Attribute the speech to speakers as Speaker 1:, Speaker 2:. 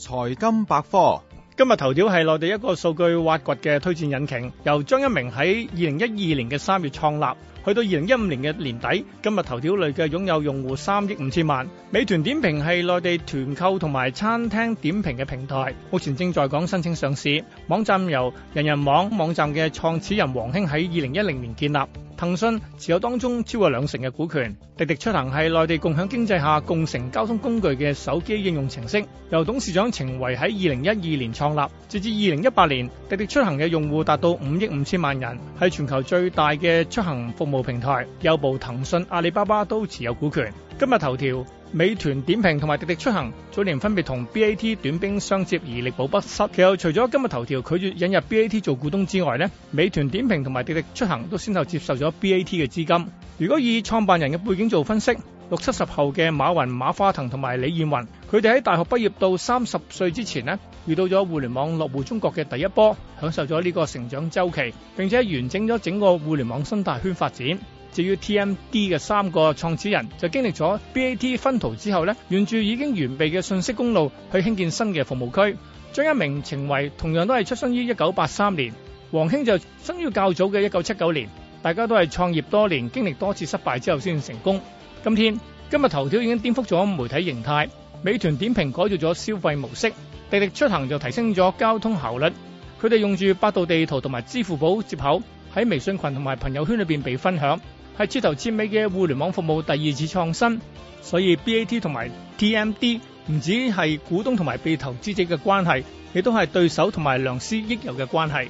Speaker 1: 財金百科。今日頭條係內地一個數據挖掘嘅推薦引擎，由張一鳴喺二零一二年嘅三月創立，去到二零一五年嘅年底，今日頭條累計擁有用戶三億五千萬。美團點評係內地團購同埋餐廳點評嘅平台，目前正在港申請上市。網站由人人網網站嘅創始人王興喺二零一零年建立。騰訊持有當中超過兩成嘅股權，滴滴出行係內地共享經濟下共乘交通工具嘅手機應用程式，由董事長程維喺二零一二年創立，直至二零一八年，滴滴出行嘅用戶達到五億五千萬人，係全球最大嘅出行服務平台，有部騰訊、阿里巴巴都持有股權。今日頭條、美團點評同埋滴滴出行早年分別同 B A T 短兵相接而力保不失。其後除咗今日頭條拒絕引入 B A T 做股東之外咧，美團點評同埋滴滴出行都先後接受咗 B A T 嘅資金。如果以創辦人嘅背景做分析，六七十後嘅馬雲、馬化騰同埋李彥宏，佢哋喺大學畢業到三十歲之前呢，遇到咗互聯網落戶中國嘅第一波，享受咗呢個成長周期，並且完整咗整個互聯網生態圈發展。至於 TMD 嘅三個創始人，就經歷咗 BAT 分圖之後咧，沿住已經完備嘅信息公路去興建新嘅服務區。張一鳴、程維同樣都係出生於一九八三年，王興就生於較早嘅一九七九年。大家都係創業多年，經歷多次失敗之後先成功。今天今日頭條已經顛覆咗媒體形態，美團點評改造咗消費模式，滴滴出行就提升咗交通效率。佢哋用住百度地圖同埋支付寶接口，喺微信群同埋朋友圈裏邊被分享。係徹頭徹尾嘅互聯網服務第二次創新，所以 BAT 同埋 TMD 唔止係股東同埋被投資者嘅關係，亦都係對手同埋良師益友嘅關係。